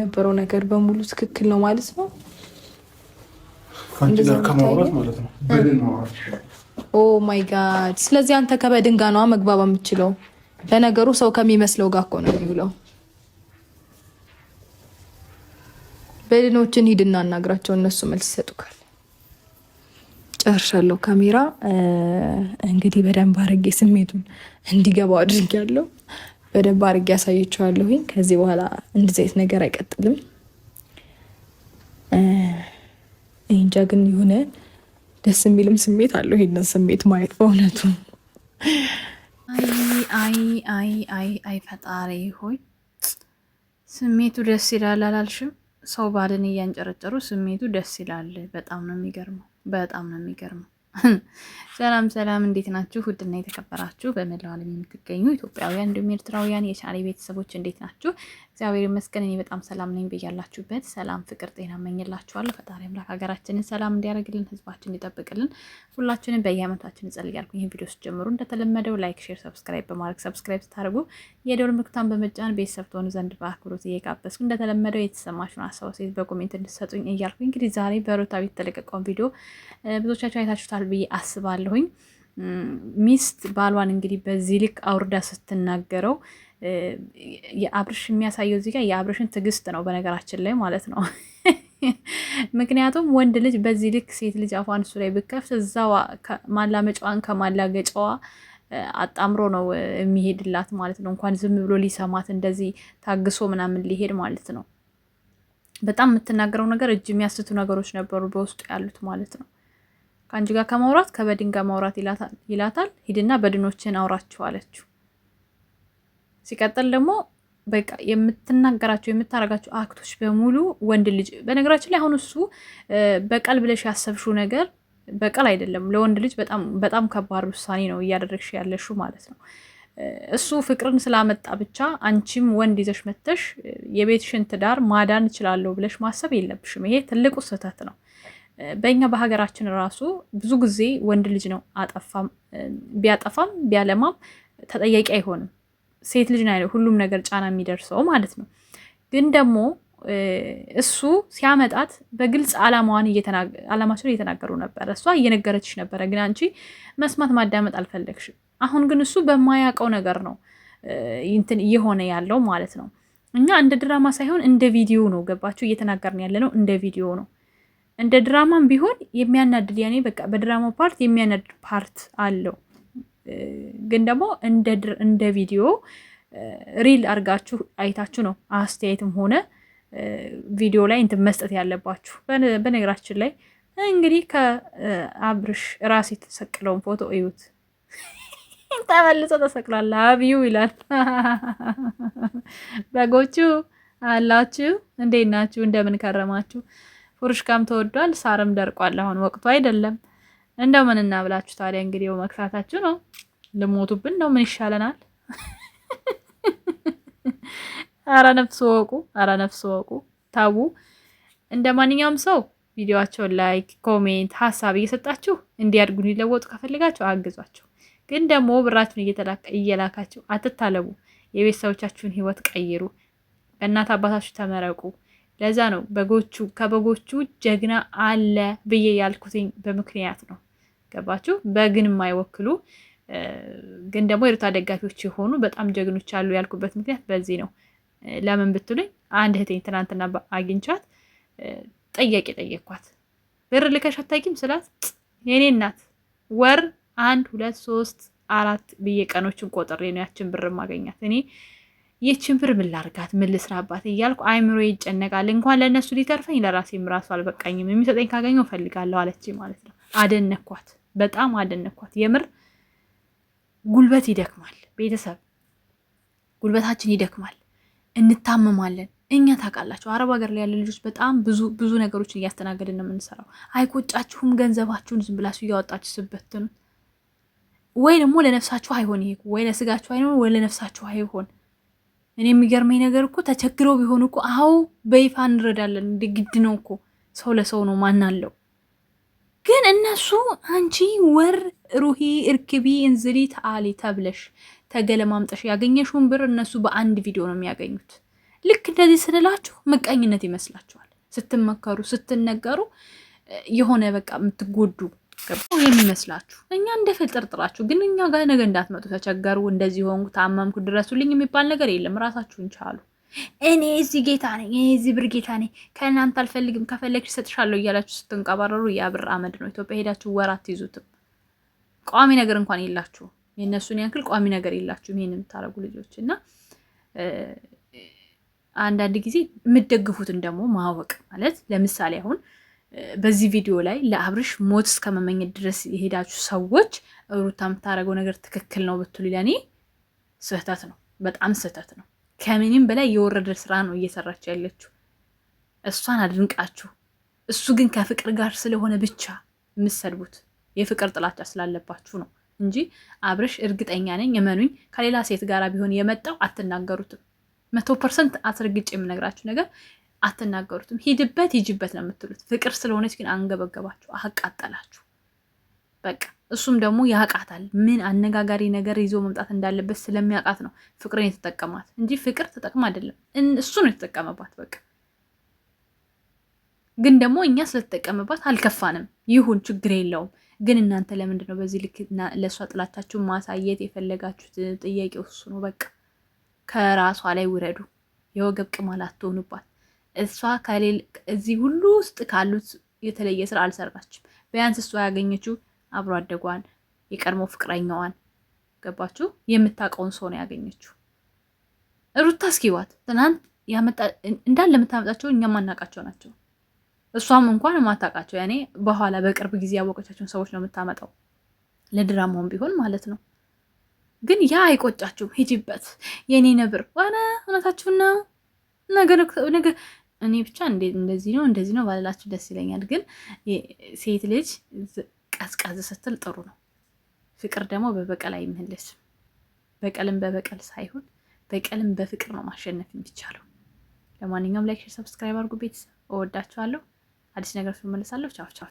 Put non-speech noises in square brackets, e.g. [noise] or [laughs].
የነበረው ነገር በሙሉ ትክክል ነው ማለት ነው። ኦ ማይ ጋድ! ስለዚህ አንተ ከበድን ጋ ነዋ መግባብ የምችለው። ለነገሩ ሰው ከሚመስለው ጋር እኮ ነው የሚውለው። በድኖችን ሂድና እናናግራቸው፣ እነሱ መልስ ይሰጡካል። ጨርሻለሁ። ካሜራ እንግዲህ በደንብ አድርጌ ስሜቱን እንዲገባው አድርጌያለሁ። በደንብ አድርጌ ያሳየችዋለሁኝ። ከዚህ በኋላ እንደዚህ አይነት ነገር አይቀጥልም። እንጃ ግን የሆነ ደስ የሚልም ስሜት አለው ይህንን ስሜት ማየት በእውነቱ። አይ አይ አይ አይ ፈጣሪ ሆይ ስሜቱ ደስ ይላል አላልሽም? ሰው ባልን እያንጨረጨሩ ስሜቱ ደስ ይላል። በጣም ነው የሚገርመው። በጣም ነው የሚገርመው። [laughs] ሰላም ሰላም፣ እንዴት ናችሁ? ውድና የተከበራችሁ በመላው ዓለም የምትገኙ ኢትዮጵያውያን እንዲሁም ኤርትራውያን የቻሌ ቤተሰቦች እንዴት ናችሁ? እግዚአብሔር ይመስገን እኔ በጣም ሰላም ነኝ። በያላችሁበት ሰላም፣ ፍቅር፣ ጤና መኝላችኋለሁ። ፈጣሪ አምላክ ሀገራችንን ሰላም እንዲያደርግልን፣ ህዝባችን እንዲጠብቅልን ሁላችንን በየአመታችን እንጸልያለሁ። ይህን ቪዲዮ ስጀምሩ እንደተለመደው ላይክ፣ ሼር፣ ሰብስክራይብ በማድረግ ሰብስክራይብ ስታደርጉ የደወል ምልክቱን በመጫን ቤተሰብ ትሆኑ ዘንድ በአክብሮት እየጋበዝኩ እንደተለመደው የተሰማችሁን አስተያየት በኮሜንት እንድትሰጡኝ እያልኩ እንግዲህ ዛሬ በሩታ ቤት የተለቀቀውን ቪዲዮ ብዙዎቻችሁ አይታችሁታል ይሰጣል ብዬ አስባለሁኝ። ሚስት ባሏን እንግዲህ በዚህ ልክ አውርዳ ስትናገረው የአብርሽ የሚያሳየው እዚህ ጋር የአብርሽን ትዕግስት ነው በነገራችን ላይ ማለት ነው። [laughs] ምክንያቱም ወንድ ልጅ በዚህ ልክ ሴት ልጅ አፏን እሱ ላይ ብከፍት እዛዋ ማላመጫዋን ከማላገጫዋ አጣምሮ ነው የሚሄድላት ማለት ነው። እንኳን ዝም ብሎ ሊሰማት እንደዚህ ታግሶ ምናምን ሊሄድ ማለት ነው። በጣም የምትናገረው ነገር እጅ የሚያስቱ ነገሮች ነበሩ በውስጡ ያሉት ማለት ነው። ከአንቺ ጋር ከማውራት ከበድን ጋር ማውራት ይላታል። ሂድና በድኖችን አውራችሁ አለችው። ሲቀጥል ደግሞ በቃ የምትናገራቸው የምታረጋቸው አክቶች በሙሉ ወንድ ልጅ በነገራችን ላይ አሁን እሱ በቀል ብለሽ ያሰብሽው ነገር በቀል አይደለም። ለወንድ ልጅ በጣም ከባድ ውሳኔ ነው እያደረግሽ ያለሽው ማለት ነው። እሱ ፍቅርን ስላመጣ ብቻ አንቺም ወንድ ይዘሽ መተሽ የቤትሽን ትዳር ማዳን እችላለሁ ብለሽ ማሰብ የለብሽም። ይሄ ትልቁ ስህተት ነው። በእኛ በሀገራችን ራሱ ብዙ ጊዜ ወንድ ልጅ ነው አጠፋም ቢያጠፋም ቢያለማም ተጠያቂ አይሆንም። ሴት ልጅ ነው ሁሉም ነገር ጫና የሚደርሰው ማለት ነው። ግን ደግሞ እሱ ሲያመጣት በግልጽ አላማዋን አላማቸውን እየተናገሩ ነበረ። እሷ እየነገረችሽ ነበረ፣ ግን አንቺ መስማት ማዳመጥ አልፈለግሽም። አሁን ግን እሱ በማያውቀው ነገር ነው እንትን እየሆነ ያለው ማለት ነው። እኛ እንደ ድራማ ሳይሆን እንደ ቪዲዮ ነው ገባችሁ? እየተናገርን ያለ ነው እንደ ቪዲዮ ነው። እንደ ድራማም ቢሆን የሚያናድድ ያኔ በቃ በድራማው ፓርት የሚያናድድ ፓርት አለው። ግን ደግሞ እንደ ቪዲዮ ሪል አድርጋችሁ አይታችሁ ነው አስተያየትም ሆነ ቪዲዮ ላይ እንትን መስጠት ያለባችሁ። በነገራችን ላይ እንግዲህ ከአብርሽ ራስ የተሰቅለውን ፎቶ እዩት። [laughs] ተመልሶ ተሰቅሏል። አብዩ ይላል። [laughs] በጎቹ አላችሁ? እንዴት ናችሁ? እንደምን ከረማችሁ? ፉርሽካም ተወዷል፣ ሳርም ደርቋል። አሁን ወቅቱ አይደለም። እንደው ምን እናብላችሁ ታዲያ? እንግዲህ መክሳታችሁ ነው። ልሞቱብን ነው። ምን ይሻለናል? [laughs] አረ ነፍስ ወቁ፣ አረ ነፍስ ወቁ። ታቡ እንደ ማንኛውም ሰው ቪዲዮቸውን ላይክ፣ ኮሜንት፣ ሀሳብ እየሰጣችሁ እንዲያድጉ እንዲለወጡ ከፈልጋችሁ አግዟቸው። ግን ደግሞ ብራችሁን እየላካችሁ አትታለቡ። የቤተሰቦቻችሁን ህይወት ቀይሩ። በእናት አባታችሁ ተመረቁ። ለዛ ነው በጎቹ ከበጎቹ ጀግና አለ ብዬ ያልኩትኝ በምክንያት ነው። ገባችሁ? በግን የማይወክሉ ግን ደግሞ የሩታ ደጋፊዎች የሆኑ በጣም ጀግኖች አሉ ያልኩበት ምክንያት በዚህ ነው። ለምን ብትሉኝ አንድ እህቴኝ ትናንትና አግኝቻት ጥያቄ ጠየኳት። ብር ልከሽ አታውቂም ስላት የኔ እናት ወር አንድ ሁለት ሶስት አራት ብዬ ቀኖችን ቆጥሬ ነው ያችን ብር ማገኛት እኔ ይህችን ብር ምን ላርጋት ምን ልስራባት እያልኩ አይምሮ ይጨነቃል። እንኳን ለእነሱ ሊተርፈኝ ለራሴም ራሱ አልበቃኝም። የሚሰጠኝ ካገኘው ፈልጋለሁ አለች ማለት ነው። አደነኳት፣ በጣም አደነኳት። የምር ጉልበት ይደክማል። ቤተሰብ ጉልበታችን ይደክማል፣ እንታመማለን። እኛ ታውቃላችሁ፣ አረብ ሀገር ላይ ያለ ልጆች በጣም ብዙ ብዙ ነገሮችን እያስተናገድን ነው የምንሰራው። አይቆጫችሁም? ገንዘባችሁን ዝም ብላችሁ እያወጣችሁ ስበትኑ ወይ ደግሞ ለነፍሳችሁ አይሆን ይሄ ወይ ለስጋችሁ አይሆን ወይ ለነፍሳችሁ አይሆን እኔ የሚገርመኝ ነገር እኮ ተቸግረው ቢሆን እኮ አዎ በይፋ እንረዳለን። እንደ ግድ ነው እኮ ሰው ለሰው ነው ማን አለው። ግን እነሱ አንቺ ወር ሩሂ እርክቢ እንዝሊ ተአሊ ተብለሽ ተገለማምጠሽ ያገኘሽውን ብር እነሱ በአንድ ቪዲዮ ነው የሚያገኙት። ልክ እንደዚህ ስንላችሁ ምቀኝነት ይመስላችኋል። ስትመከሩ ስትነገሩ የሆነ በቃ የምትጎዱ የሚመስላችሁ እኛ እንደፈጠርጥራችሁ ግን እኛ ጋር ነገ እንዳትመጡ ተቸገሩ፣ እንደዚህ ሆንኩ፣ ታመምኩ፣ ድረሱልኝ የሚባል ነገር የለም። ራሳችሁን ቻሉ። እኔ እዚህ ጌታ ነኝ፣ እኔ እዚህ ብር ጌታ ነኝ፣ ከእናንተ አልፈልግም፣ ከፈለግሽ ሰጥሻለሁ እያላችሁ ስትንቀባረሩ ያ ብር አመድ ነው። ኢትዮጵያ ሄዳችሁ ወራት ይዙትም። ቋሚ ነገር እንኳን የላችሁም። የእነሱን ያክል ቋሚ ነገር የላችሁም። ይህን የምታደርጉ ልጆች እና አንዳንድ ጊዜ የምትደግፉትን ደግሞ ማወቅ ማለት ለምሳሌ አሁን በዚህ ቪዲዮ ላይ ለአብርሽ ሞት እስከመመኘት ድረስ የሄዳችሁ ሰዎች ሩታ የምታደርገው ነገር ትክክል ነው ብትሉ ለእኔ ስህተት ነው፣ በጣም ስህተት ነው። ከምንም በላይ የወረደ ስራ ነው እየሰራች ያለችው። እሷን አድንቃችሁ እሱ ግን ከፍቅር ጋር ስለሆነ ብቻ የምትሰድቡት የፍቅር ጥላቻ ስላለባችሁ ነው እንጂ አብርሽ እርግጠኛ ነኝ እመኑኝ፣ ከሌላ ሴት ጋር ቢሆን የመጣው አትናገሩትም። መቶ ፐርሰንት አስረግጬ የምነግራችሁ ነገር አትናገሩትም። ሂድበት ሂጅበት ነው የምትሉት። ፍቅር ስለሆነች ግን አንገበገባችሁ፣ አቃጠላችሁ። በቃ እሱም ደግሞ ያቃታል። ምን አነጋጋሪ ነገር ይዞ መምጣት እንዳለበት ስለሚያውቃት ነው ፍቅርን የተጠቀማት እንጂ ፍቅር ተጠቅም አይደለም። እሱ ነው የተጠቀመባት። በቃ ግን ደግሞ እኛ ስለተጠቀመባት አልከፋንም። ይሁን ችግር የለውም። ግን እናንተ ለምንድን ነው በዚህ ልክ ለእሷ ጥላቻችሁን ማሳየት የፈለጋችሁት? ጥያቄ ነው። በቃ ከራሷ ላይ ውረዱ። የወገብ ቅማል አትሆኑባት። እሷ እዚህ ሁሉ ውስጥ ካሉት የተለየ ስራ አልሰራችም። ቢያንስ እሷ ያገኘችው አብሮ አደጓን የቀድሞ ፍቅረኛዋን ገባችሁ? የምታውቀውን ሰው ነው ያገኘችው። ሩታ እስኪዋት ትናንት እንዳለ የምታመጣቸው እኛም ማናውቃቸው ናቸው። እሷም እንኳን የማታውቃቸው ያኔ በኋላ በቅርብ ጊዜ ያወቀቻቸውን ሰዎች ነው የምታመጣው፣ ለድራማውም ቢሆን ማለት ነው። ግን ያ አይቆጫችሁም? ሂጂበት የእኔ ነብር ዋና እውነታችሁን ነው እኔ ብቻ እንደዚህ ነው እንደዚህ ነው ባልላችሁ ደስ ይለኛል። ግን ሴት ልጅ ቀዝቀዝ ስትል ጥሩ ነው። ፍቅር ደግሞ በበቀል አይመለስም። በቀልም በበቀል ሳይሆን በቀልም በፍቅር ነው ማሸነፍ የሚቻለው። ለማንኛውም ላይክ፣ ሰብስክራይብ አድርጉ። ቤተሰብ እወዳችኋለሁ። አዲስ ነገር ስመለሳለሁ። ቻው ቻው።